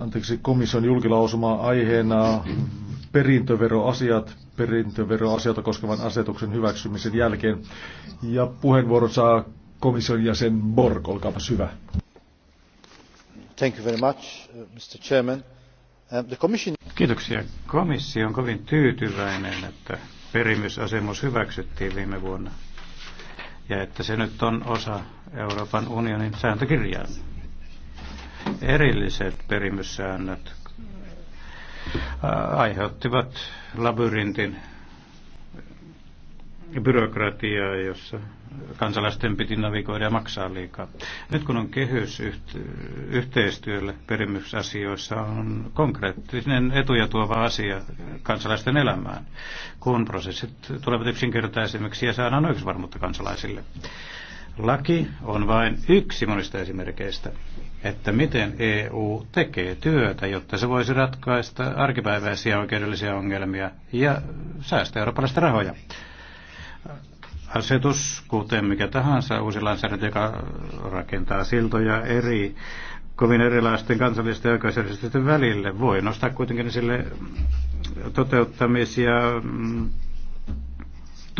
anteeksi, komission julkilausumaa aiheena perintöveroasiat, perintöveroasioita koskevan asetuksen hyväksymisen jälkeen. Ja puheenvuoron saa komission jäsen Borg, olkaapa hyvä. Thank you very much, uh, Mr. Chairman. Uh, the commission... Kiitoksia. Komissio on kovin tyytyväinen, että perimysasemus hyväksyttiin viime vuonna ja että se nyt on osa Euroopan unionin sääntökirjaa erilliset perimyssäännöt aiheuttivat labyrintin byrokratiaa, jossa kansalaisten piti navigoida ja maksaa liikaa. Nyt kun on kehys yhteistyölle perimysasioissa, on konkreettinen etuja tuova asia kansalaisten elämään, kun prosessit tulevat yksinkertaisemmiksi ja saadaan varmuutta kansalaisille. Laki on vain yksi monista esimerkkeistä että miten EU tekee työtä, jotta se voisi ratkaista arkipäiväisiä oikeudellisia ongelmia ja säästää eurooppalaista rahoja. Asetus, kuten mikä tahansa uusi lainsäädäntö, joka rakentaa siltoja eri kovin erilaisten kansallisten ja oikeusjärjestelmien välille, voi nostaa kuitenkin sille toteuttamisia. Mm,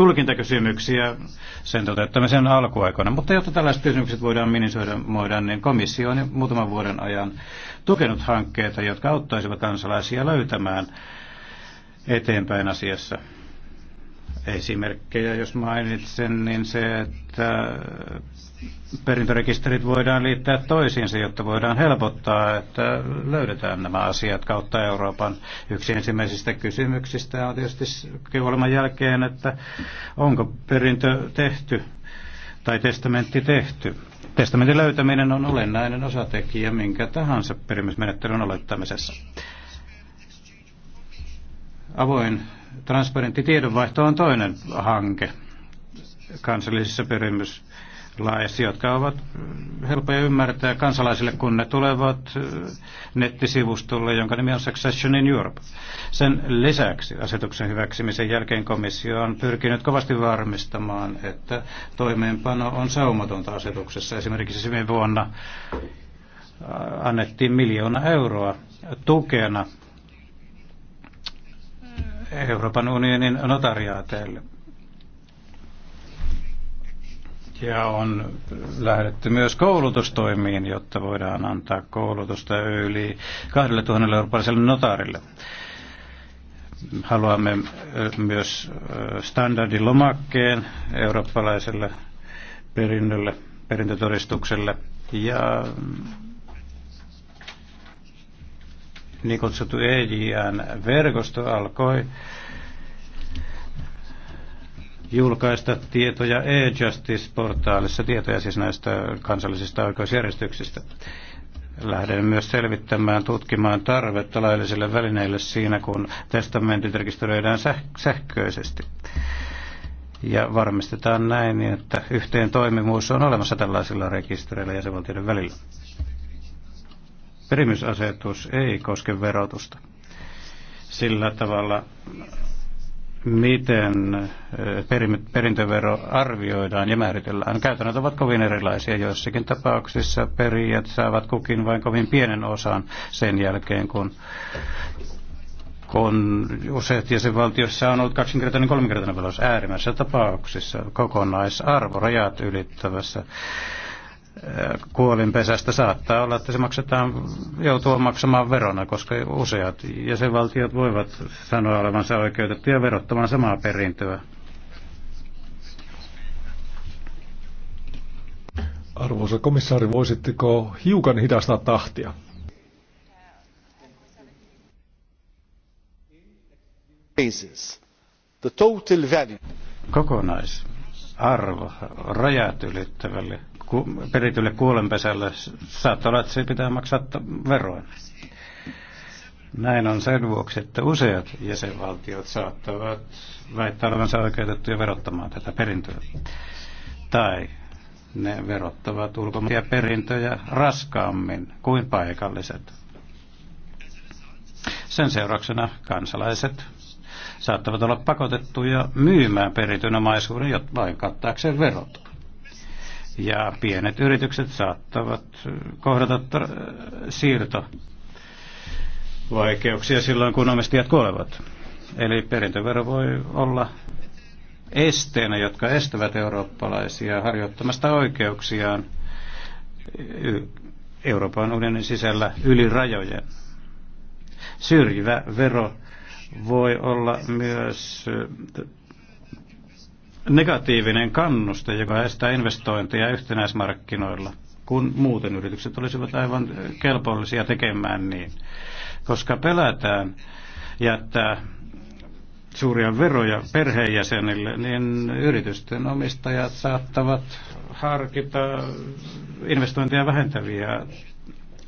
tulkintakysymyksiä sen toteuttamisen alkuaikoina. Mutta jotta tällaiset kysymykset voidaan minimisoida, niin komissio on muutaman vuoden ajan tukenut hankkeita, jotka auttaisivat kansalaisia löytämään eteenpäin asiassa. Esimerkkejä, jos mainitsen, niin se, että perintörekisterit voidaan liittää toisiinsa, jotta voidaan helpottaa, että löydetään nämä asiat kautta Euroopan. Yksi ensimmäisistä kysymyksistä on tietysti kuoleman jälkeen, että onko perintö tehty tai testamentti tehty. Testamentin löytäminen on olennainen osatekijä minkä tahansa perimysmenettelyn olettamisessa. Avoin Transparentti tiedonvaihto on toinen hanke kansallisissa perimyslaissa, jotka ovat helppoja ymmärtää kansalaisille, kun ne tulevat nettisivustolle, jonka nimi on Succession in Europe. Sen lisäksi asetuksen hyväksymisen jälkeen komissio on pyrkinyt kovasti varmistamaan, että toimeenpano on saumatonta asetuksessa. Esimerkiksi viime vuonna annettiin miljoona euroa tukena Euroopan unionin notariaateille. Ja on lähdetty myös koulutustoimiin, jotta voidaan antaa koulutusta yli 2000 eurooppalaiselle notaarille. Haluamme myös standardilomakkeen eurooppalaiselle perinnölle, perintötodistukselle ja niin kutsuttu EJN-verkosto alkoi julkaista tietoja e-justice-portaalissa, tietoja siis näistä kansallisista oikeusjärjestyksistä. Lähden myös selvittämään, tutkimaan tarvetta laillisille välineille siinä, kun testamentit rekisteröidään sähköisesti. Ja varmistetaan näin, että yhteen toimivuus on olemassa tällaisilla rekistereillä jäsenvaltioiden välillä perimysasetus ei koske verotusta sillä tavalla, miten eh, perintövero arvioidaan ja määritellään. Käytännöt ovat kovin erilaisia. Joissakin tapauksissa perijät saavat kukin vain kovin pienen osan sen jälkeen, kun kun useat jäsenvaltiossa on ollut kaksinkertainen kolminkertainen velos äärimmäisessä tapauksissa kokonaisarvo rajat ylittävässä kuolinpesästä saattaa olla, että se maksetaan, joutuu maksamaan verona, koska useat jäsenvaltiot voivat sanoa olevansa oikeutettuja verottamaan samaa perintöä. Arvoisa komissaari, voisitteko hiukan hidastaa tahtia? Kokonaisarvo rajat ylittävälle peritylle kuolenpesälle. Saattaa olla, että se pitää maksaa veroa. Näin on sen vuoksi, että useat jäsenvaltiot saattavat väittää olevansa oikeutettuja verottamaan tätä perintöä. Tai ne verottavat ulkomaisia perintöjä raskaammin kuin paikalliset. Sen seurauksena kansalaiset saattavat olla pakotettuja myymään perityn omaisuuden vain kattaakseen verot ja pienet yritykset saattavat kohdata siirto vaikeuksia silloin, kun omistajat kuolevat. Eli perintövero voi olla esteenä, jotka estävät eurooppalaisia harjoittamasta oikeuksiaan Euroopan unionin sisällä yli rajojen. Syrjivä vero voi olla myös negatiivinen kannuste, joka estää investointeja yhtenäismarkkinoilla, kun muuten yritykset olisivat aivan kelpollisia tekemään niin. Koska pelätään jättää suuria veroja perheenjäsenille, niin yritysten omistajat saattavat harkita investointeja vähentäviä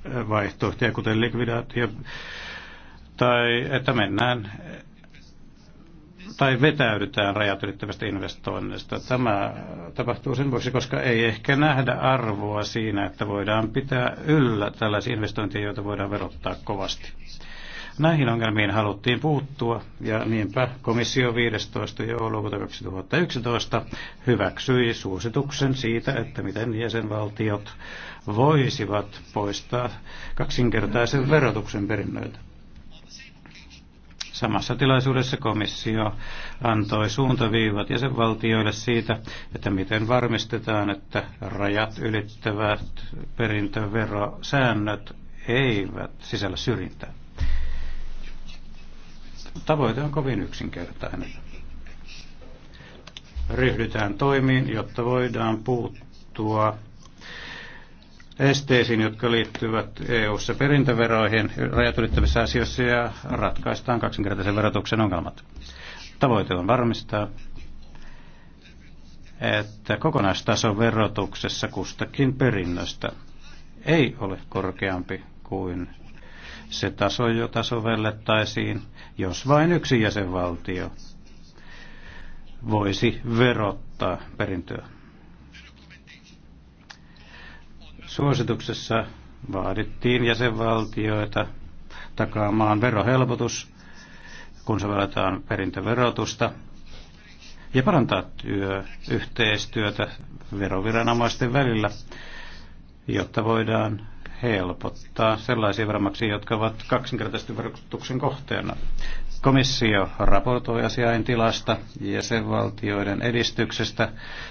vaihtoehtoja, kuten likvidaatio, tai että mennään tai vetäydytään rajat ylittävästä investoinnista. Tämä tapahtuu sen vuoksi, koska ei ehkä nähdä arvoa siinä, että voidaan pitää yllä tällaisia investointeja, joita voidaan verottaa kovasti. Näihin ongelmiin haluttiin puuttua ja niinpä komissio 15. joulukuuta 2011 hyväksyi suosituksen siitä, että miten jäsenvaltiot voisivat poistaa kaksinkertaisen verotuksen perinnöitä. Samassa tilaisuudessa komissio antoi suuntaviivat jäsenvaltioille siitä, että miten varmistetaan, että rajat ylittävät perintöverosäännöt eivät sisällä syrjintää. Tavoite on kovin yksinkertainen. Ryhdytään toimiin, jotta voidaan puuttua esteisiin, jotka liittyvät EU-ssa perintöveroihin rajat ylittävissä asioissa ja ratkaistaan kaksinkertaisen verotuksen ongelmat. Tavoite on varmistaa, että kokonaistaso verotuksessa kustakin perinnöstä ei ole korkeampi kuin se taso, jota sovellettaisiin, jos vain yksi jäsenvaltio voisi verottaa perintöä. Suosituksessa vaadittiin jäsenvaltioita takaamaan verohelpotus, kun sovelletaan perintöverotusta, ja parantaa työ, yhteistyötä veroviranomaisten välillä, jotta voidaan helpottaa sellaisia veronmaksajia, jotka ovat kaksinkertaisesti verotuksen kohteena. Komissio raportoi asiain tilasta, jäsenvaltioiden edistyksestä,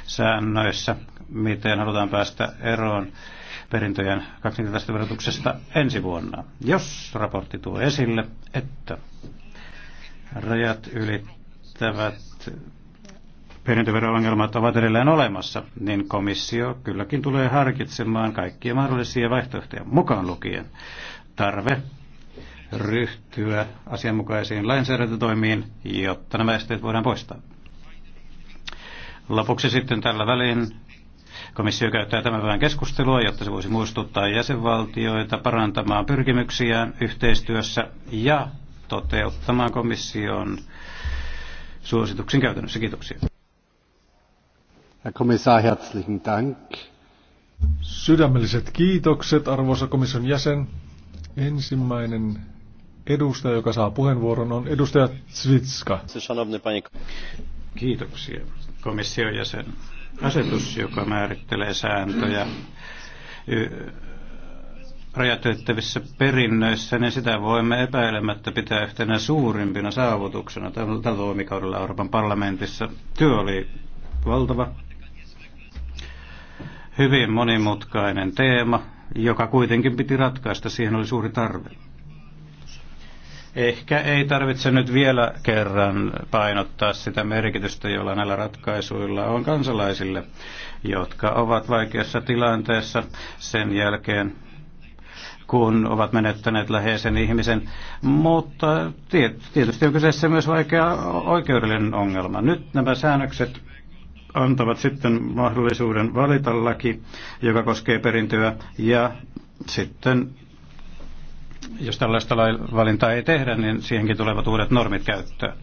säännöissä, miten halutaan päästä eroon perintöjen kaksinkertaisesta verotuksesta ensi vuonna, jos raportti tuo esille, että rajat ylittävät perintöveroongelmat ovat edelleen olemassa, niin komissio kylläkin tulee harkitsemaan kaikkia mahdollisia vaihtoehtoja mukaan lukien tarve ryhtyä asianmukaisiin lainsäädäntötoimiin, jotta nämä esteet voidaan poistaa. Lopuksi sitten tällä välin Komissio käyttää tämän päivän keskustelua, jotta se voisi muistuttaa jäsenvaltioita parantamaan pyrkimyksiään yhteistyössä ja toteuttamaan komission suosituksen käytännössä. Kiitoksia. Herr Kommissar, herzlichen Dank. Sydämelliset kiitokset, arvoisa komission jäsen. Ensimmäinen edustaja, joka saa puheenvuoron, on edustaja Zvitska. Kiitoksia, komission jäsen asetus, joka määrittelee sääntöjä rajat perinnöissä, niin sitä voimme epäilemättä pitää yhtenä suurimpina saavutuksena tällä toimikaudella Euroopan parlamentissa. Työ oli valtava, hyvin monimutkainen teema, joka kuitenkin piti ratkaista. Siihen oli suuri tarve. Ehkä ei tarvitse nyt vielä kerran painottaa sitä merkitystä, jolla näillä ratkaisuilla on kansalaisille, jotka ovat vaikeassa tilanteessa sen jälkeen, kun ovat menettäneet läheisen ihmisen. Mutta tietysti on kyseessä myös vaikea oikeudellinen ongelma. Nyt nämä säännökset antavat sitten mahdollisuuden valita laki, joka koskee perintöä, ja sitten jos tällaista valintaa ei tehdä, niin siihenkin tulevat uudet normit käyttöön.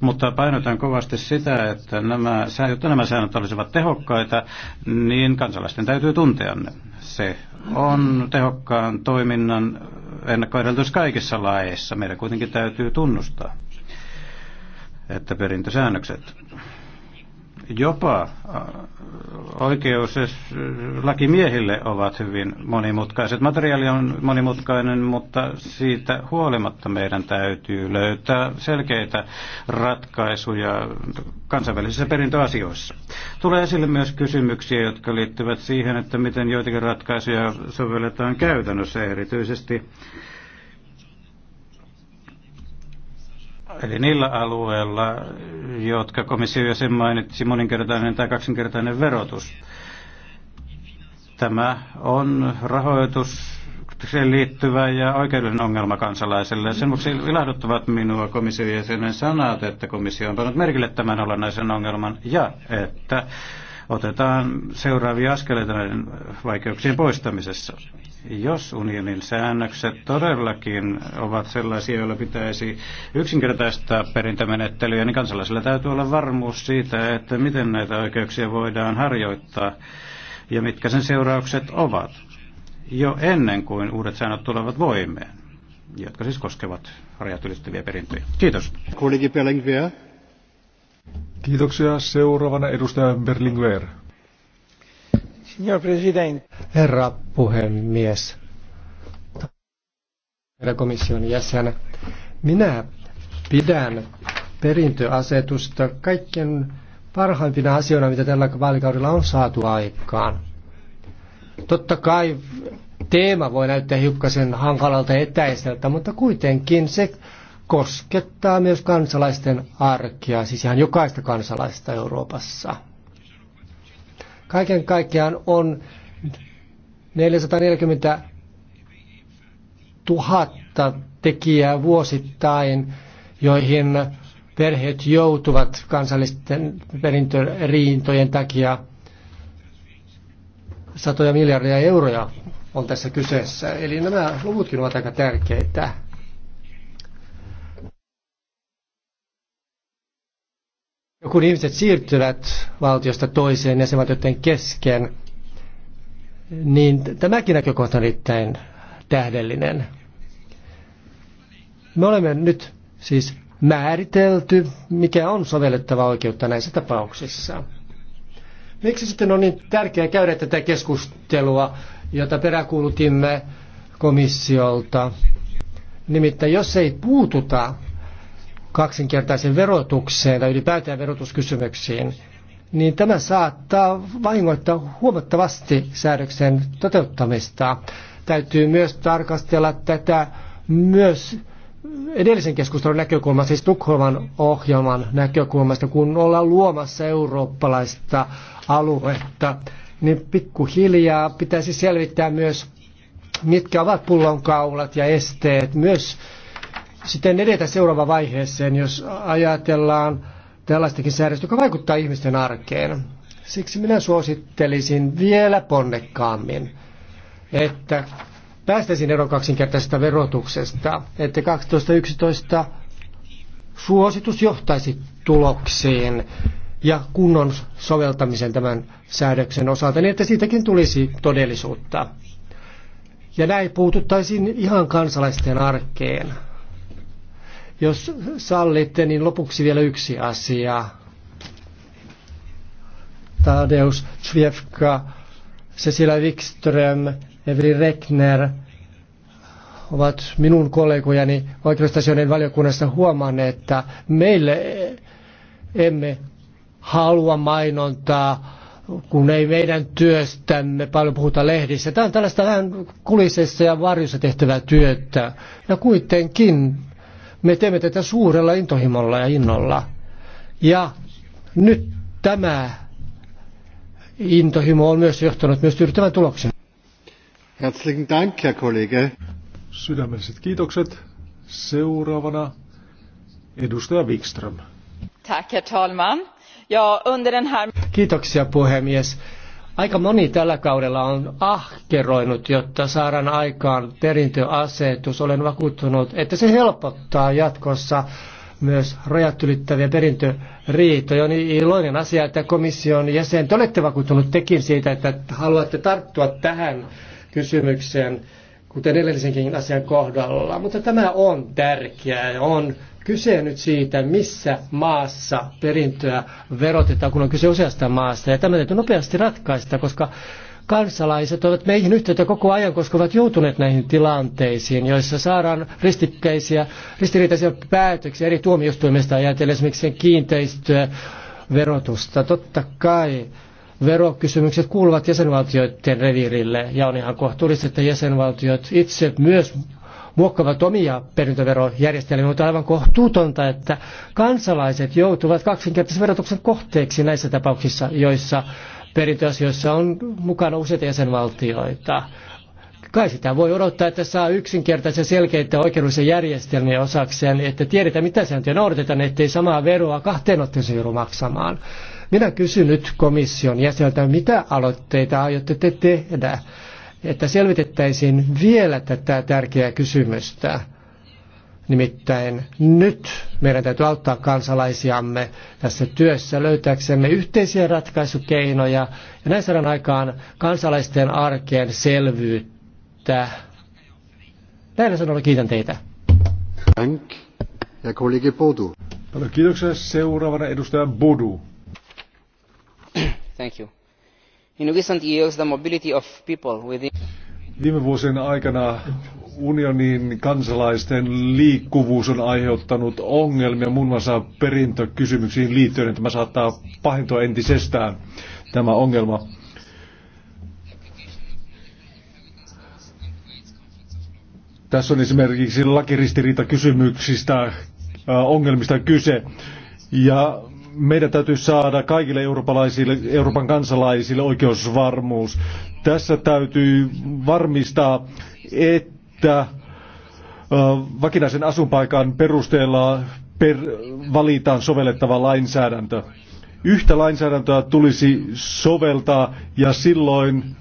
Mutta painotan kovasti sitä, että nämä, jotta nämä säännöt olisivat tehokkaita, niin kansalaisten täytyy tuntea ne. Se on tehokkaan toiminnan ennakkoedellytys kaikissa laeissa. Meidän kuitenkin täytyy tunnustaa, että perintösäännökset Jopa äh, oikeus miehille ovat hyvin monimutkaiset. Materiaali on monimutkainen, mutta siitä huolimatta meidän täytyy löytää selkeitä ratkaisuja kansainvälisissä perintöasioissa. Tulee esille myös kysymyksiä, jotka liittyvät siihen, että miten joitakin ratkaisuja sovelletaan käytännössä erityisesti Eli niillä alueilla, jotka komissio jo sen mainitsi, moninkertainen tai kaksinkertainen verotus. Tämä on rahoitus siihen liittyvä ja oikeudellinen ongelma kansalaiselle. Sen vuoksi ilahduttavat minua komission jäsenen sanat, että komissio on pannut merkille tämän olennaisen ongelman ja että otetaan seuraavia askeleita näiden vaikeuksien poistamisessa. Jos unionin säännökset todellakin ovat sellaisia, joilla pitäisi yksinkertaistaa perintämenettelyä, niin kansalaisilla täytyy olla varmuus siitä, että miten näitä oikeuksia voidaan harjoittaa ja mitkä sen seuraukset ovat jo ennen kuin uudet säännöt tulevat voimeen, jotka siis koskevat rajat ylittäviä perintöjä. Kiitos. Kollegi Kiitoksia. Seuraavana edustaja Berlinguer. Signor President. Herra puhemies. Herra komission jäsen. Minä pidän perintöasetusta kaikkien parhaimpina asioina, mitä tällä vaalikaudella on saatu aikaan. Totta kai teema voi näyttää hiukkasen hankalalta etäiseltä, mutta kuitenkin se koskettaa myös kansalaisten arkea, siis ihan jokaista kansalaista Euroopassa. Kaiken kaikkiaan on 440 000 tekijää vuosittain, joihin perheet joutuvat kansallisten perintöriintojen takia. Satoja miljardia euroja on tässä kyseessä. Eli nämä luvutkin ovat aika tärkeitä. kun ihmiset siirtyvät valtiosta toiseen jäsenvaltioiden kesken, niin tämäkin näkökohta on erittäin tähdellinen. Me olemme nyt siis määritelty, mikä on sovellettava oikeutta näissä tapauksissa. Miksi sitten on niin tärkeää käydä tätä keskustelua, jota peräkuulutimme komissiolta? Nimittäin jos ei puututa kaksinkertaisen verotukseen tai ylipäätään verotuskysymyksiin, niin tämä saattaa vahingoittaa huomattavasti säädöksen toteuttamista. Täytyy myös tarkastella tätä myös edellisen keskustelun näkökulmasta, siis Tukholman ohjelman näkökulmasta, kun ollaan luomassa eurooppalaista aluetta, niin pikkuhiljaa pitäisi selvittää myös, mitkä ovat pullonkaulat ja esteet myös sitten edetä seuraava vaiheeseen, jos ajatellaan tällaistakin säädöstä, joka vaikuttaa ihmisten arkeen. Siksi minä suosittelisin vielä ponnekkaammin, että päästäisiin eroon kaksinkertaisesta verotuksesta, että 12.11 suositus johtaisi tuloksiin ja kunnon soveltamisen tämän säädöksen osalta, niin että siitäkin tulisi todellisuutta. Ja näin puututtaisiin ihan kansalaisten arkeen. Jos sallitte, niin lopuksi vielä yksi asia. Tadeus Zwiefka, Cecilia Wikström, Evri Rekner ovat minun kollegojani oikeustasioiden valiokunnassa huomanneet, että meille emme halua mainontaa, kun ei meidän työstämme paljon puhuta lehdissä. Tämä on tällaista vähän kulisessa ja varjossa tehtävää työtä. Ja kuitenkin me teemme tätä suurella intohimolla ja innolla. Ja nyt tämä intohimo on myös johtanut myös tyydyttävän tuloksen. Herzlichen Dank, Herr Kollege. Sydämelliset kiitokset. Seuraavana edustaja Wikström. Tack, herr talman. Ja, under den här... Kiitoksia puhemies. Aika moni tällä kaudella on ahkeroinut, jotta saadaan aikaan perintöasetus. Olen vakuuttunut, että se helpottaa jatkossa myös rajat ylittäviä perintöriitoja. On niin iloinen asia, että komission jäsen, te olette vakuuttunut tekin siitä, että haluatte tarttua tähän kysymykseen, kuten edellisenkin asian kohdalla. Mutta tämä on tärkeää ja on kyse nyt siitä, missä maassa perintöä verotetaan, kun on kyse useasta maasta. Ja tämä täytyy nopeasti ratkaista, koska kansalaiset ovat meihin yhteyttä koko ajan, koska ovat joutuneet näihin tilanteisiin, joissa saadaan ristikkäisiä, ristiriitaisia päätöksiä eri tuomioistuimista ajatellen esimerkiksi kiinteistöverotusta. Totta kai verokysymykset kuuluvat jäsenvaltioiden reviirille ja on ihan kohtuullista, että jäsenvaltiot itse myös muokkaavat omia perintöverojärjestelmiä, mutta aivan kohtuutonta, että kansalaiset joutuvat kaksinkertaisen verotuksen kohteeksi näissä tapauksissa, joissa perintöasioissa on mukana useita jäsenvaltioita. Kai sitä voi odottaa, että saa yksinkertaisen selkeitä oikeudellisen järjestelmiä osakseen, että tiedetään mitä sääntöjä noudatetaan, ettei samaa veroa kahteen otteeseen joudu maksamaan. Minä kysyn nyt komission jäseneltä, mitä aloitteita aiotte te tehdä että selvitettäisiin vielä tätä tärkeää kysymystä. Nimittäin nyt meidän täytyy auttaa kansalaisiamme tässä työssä löytääksemme yhteisiä ratkaisukeinoja ja näin saadaan aikaan kansalaisten arkeen selvyyttä. Näillä sanoilla kiitän teitä. Thank Ja kollegi Bodu. Paljon kiitoksia. Seuraavana edustaja Bodu. Thank you. Viime vuosien aikana unionin kansalaisten liikkuvuus on aiheuttanut ongelmia muun muassa perintökysymyksiin liittyen. Tämä saattaa pahentua entisestään tämä ongelma. Tässä on esimerkiksi lakiristiriita kysymyksistä, ongelmista kyse. Ja meidän täytyy saada kaikille eurooppalaisille, Euroopan kansalaisille oikeusvarmuus. Tässä täytyy varmistaa, että vakinaisen asunpaikan perusteella per, valitaan sovellettava lainsäädäntö. Yhtä lainsäädäntöä tulisi soveltaa ja silloin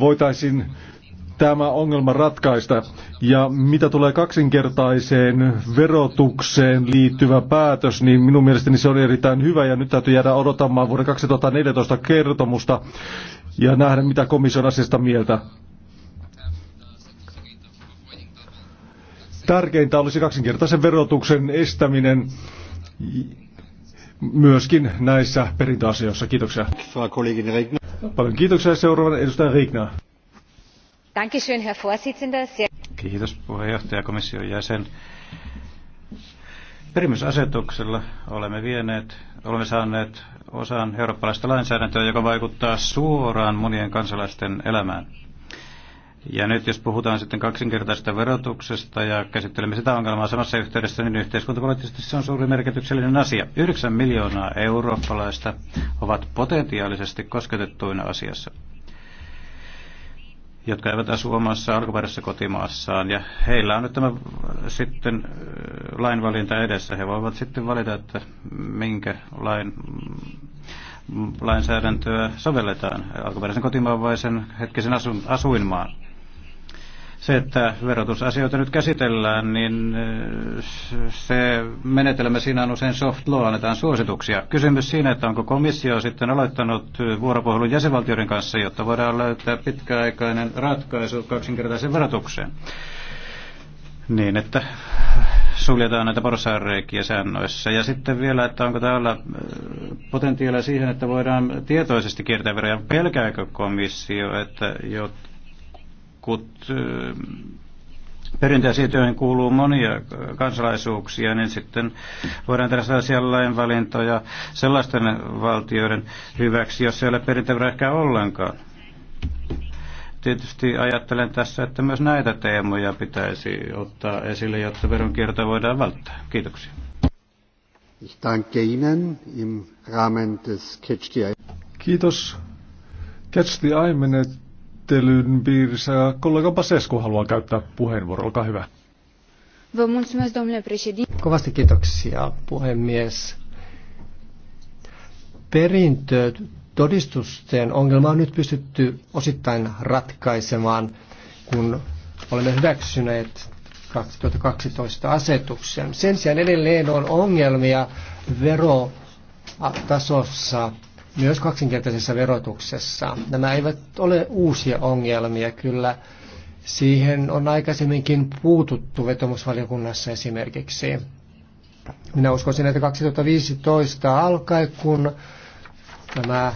voitaisiin tämä ongelma ratkaista. Ja mitä tulee kaksinkertaiseen verotukseen liittyvä päätös, niin minun mielestäni se on erittäin hyvä ja nyt täytyy jäädä odottamaan vuoden 2014 kertomusta ja nähdä, mitä komission asiasta mieltä. Tärkeintä olisi kaksinkertaisen verotuksen estäminen myöskin näissä perintöasioissa. Kiitoksia. Paljon kiitoksia seuraavan edustaja Riikna. Kiitos puheenjohtaja komission jäsen. Perimysasetuksella olemme vieneet, olemme saaneet osan eurooppalaista lainsäädäntöä, joka vaikuttaa suoraan monien kansalaisten elämään. Ja nyt jos puhutaan sitten kaksinkertaisesta verotuksesta ja käsittelemme sitä ongelmaa samassa yhteydessä, niin yhteiskuntapoliittisesti se on suuri merkityksellinen asia. 9 miljoonaa eurooppalaista ovat potentiaalisesti kosketettuina asiassa jotka eivät asu omassa alkuperäisessä kotimaassaan. Ja heillä on nyt tämä sitten lainvalinta edessä. He voivat sitten valita, että minkä lain, mm, lainsäädäntöä sovelletaan, alkuperäisen kotimaan vai sen hetkisen asuinmaan se, että verotusasioita nyt käsitellään, niin äh, se menetelmä siinä on usein soft law, annetaan suosituksia. Kysymys siinä, että onko komissio sitten aloittanut vuoropuhelun jäsenvaltioiden kanssa, jotta voidaan löytää pitkäaikainen ratkaisu kaksinkertaisen verotukseen. Niin, että suljetaan näitä porsaanreikiä säännöissä. Ja sitten vielä, että onko täällä äh, potentiaalia siihen, että voidaan tietoisesti kiertää veroja. Pelkääkö komissio, että jotta jotkut eh, perinteisiin kuuluu monia kansalaisuuksia, niin sitten voidaan tehdä sellaisia lainvalintoja sellaisten valtioiden hyväksi, jos ei ole ehkä ollenkaan. Tietysti ajattelen tässä, että myös näitä teemoja pitäisi ottaa esille, jotta veronkierto voidaan välttää. Kiitoksia. Kiitos. Catch the Eye menet esittelyn piirissä. Kollega Pasesku haluaa käyttää puheenvuoro. Olkaa hyvä. Kovasti kiitoksia, puhemies. Perintö todistusten ongelma on nyt pystytty osittain ratkaisemaan, kun olemme hyväksyneet 2012 asetuksen. Sen sijaan edelleen on ongelmia verotasossa myös kaksinkertaisessa verotuksessa. Nämä eivät ole uusia ongelmia, kyllä siihen on aikaisemminkin puututtu vetomusvaliokunnassa esimerkiksi. Minä uskoisin, että 2015 alkaen, kun tämä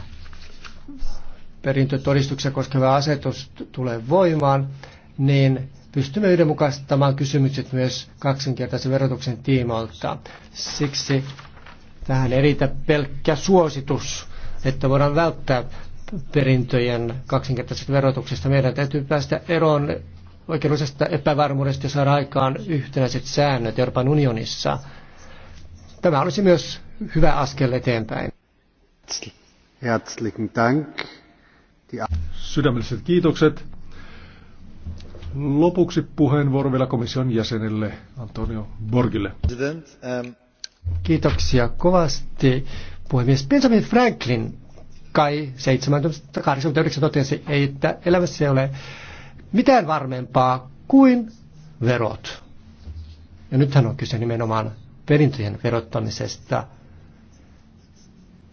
perintötodistuksia koskeva asetus tulee voimaan, niin pystymme yhdenmukaistamaan kysymykset myös kaksinkertaisen verotuksen tiimoilta. Siksi tähän ei riitä pelkkä suositus että voidaan välttää perintöjen kaksinkertaisesta verotuksesta. Meidän täytyy päästä eroon oikeudellisesta epävarmuudesta ja saada aikaan yhtenäiset säännöt Euroopan unionissa. Tämä olisi myös hyvä askel eteenpäin. Herzlichen Dank. Sydämelliset kiitokset. Lopuksi puheenvuoro vielä komission jäsenelle Antonio Borgille. Um, Kiitoksia kovasti puhemies Benjamin Franklin kai 1789 totesi, että elämässä ei ole mitään varmempaa kuin verot. Ja nythän on kyse nimenomaan perintöjen verottamisesta.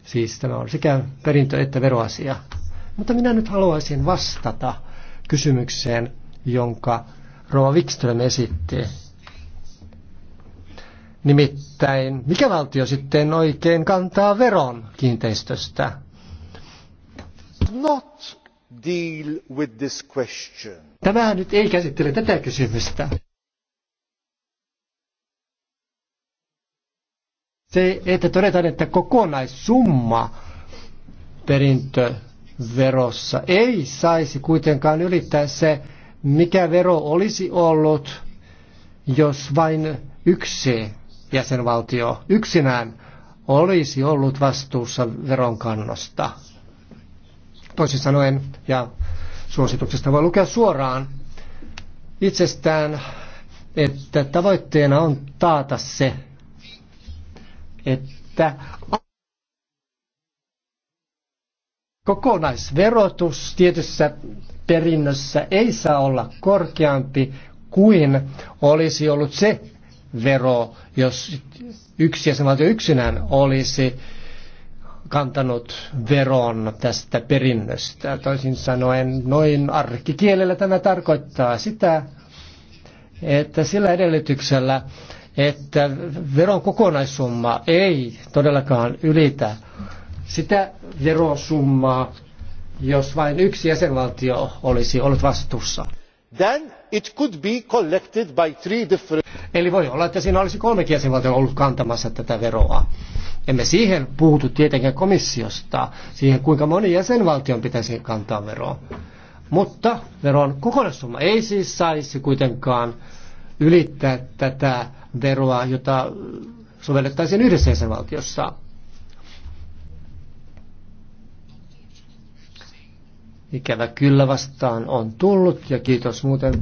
Siis tämä on sekä perintö että veroasia. Mutta minä nyt haluaisin vastata kysymykseen, jonka Rova Wikström esitti Nimittäin, mikä valtio sitten oikein kantaa veron kiinteistöstä? Not deal with this question. Tämä nyt ei käsittele tätä kysymystä. Se, että todetaan, että kokonaissumma perintöverossa ei saisi kuitenkaan ylittää se, mikä vero olisi ollut, jos vain yksi jäsenvaltio yksinään olisi ollut vastuussa veronkannosta. Toisin sanoen, ja suosituksesta voi lukea suoraan itsestään, että tavoitteena on taata se, että kokonaisverotus tietyssä perinnössä ei saa olla korkeampi kuin olisi ollut se vero, jos yksi jäsenvaltio yksinään olisi kantanut veron tästä perinnöstä. Toisin sanoen noin arkikielellä tämä tarkoittaa sitä, että sillä edellytyksellä, että veron kokonaissumma ei todellakaan ylitä sitä verosummaa, jos vain yksi jäsenvaltio olisi ollut vastuussa. Then it could be collected by three different... Eli voi olla, että siinä olisi kolme jäsenvaltiota ollut kantamassa tätä veroa. Emme siihen puutu tietenkään komissiosta, siihen kuinka moni jäsenvaltion pitäisi kantaa veroa. Mutta veron kokonaissumma ei siis saisi kuitenkaan ylittää tätä veroa, jota sovellettaisiin yhdessä jäsenvaltiossa. ikävä kyllä vastaan on tullut, ja kiitos muuten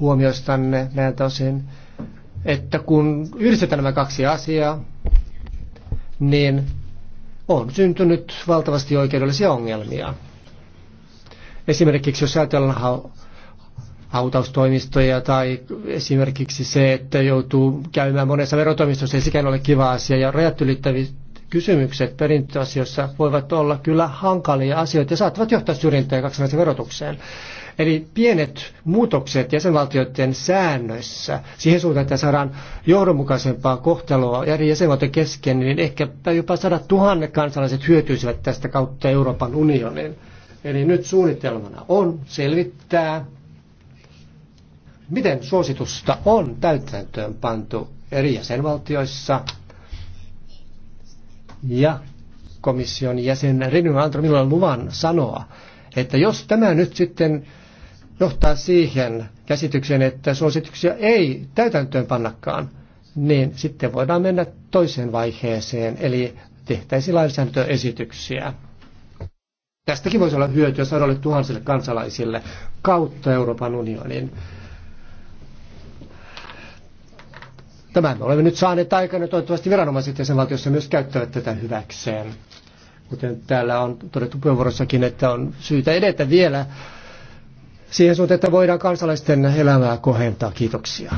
huomioistanne näiltä osin, että kun yhdistetään nämä kaksi asiaa, niin on syntynyt valtavasti oikeudellisia ongelmia. Esimerkiksi jos ajatellaan hautaustoimistoja tai esimerkiksi se, että joutuu käymään monessa verotoimistossa, ei sikään ole kiva asia. Ja rajat ylittävistä kysymykset perintöasioissa voivat olla kyllä hankalia asioita ja saattavat johtaa syrjintään ja verotukseen. Eli pienet muutokset jäsenvaltioiden säännöissä siihen suuntaan, että saadaan johdonmukaisempaa kohtelua eri jäsenvaltioiden kesken, niin ehkä jopa sadat tuhannet kansalaiset hyötyisivät tästä kautta Euroopan unionin. Eli nyt suunnitelmana on selvittää, miten suositusta on täytäntöön pantu eri jäsenvaltioissa – ja komission jäsen Renny antoi minulle luvan sanoa, että jos tämä nyt sitten johtaa siihen käsitykseen, että suosituksia ei täytäntöön pannakaan, niin sitten voidaan mennä toiseen vaiheeseen, eli tehtäisiin lainsäädäntöesityksiä. Tästäkin voisi olla hyötyä sadalle tuhansille kansalaisille kautta Euroopan unionin. Tämän me olemme nyt saaneet aikana, toivottavasti viranomaiset jäsenvaltiossa myös käyttävät tätä hyväkseen. Kuten täällä on todettu puheenvuorossakin, että on syytä edetä vielä siihen suuntaan, että voidaan kansalaisten elämää kohentaa. Kiitoksia.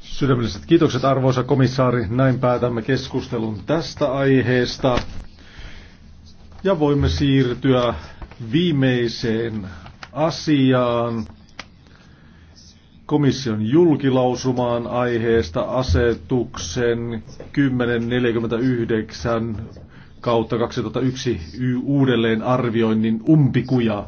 Sydämelliset kiitokset arvoisa komissaari. Näin päätämme keskustelun tästä aiheesta. Ja voimme siirtyä viimeiseen asiaan komission julkilausumaan aiheesta asetuksen 1049 kautta 2001 uudelleen arvioinnin umpikuja.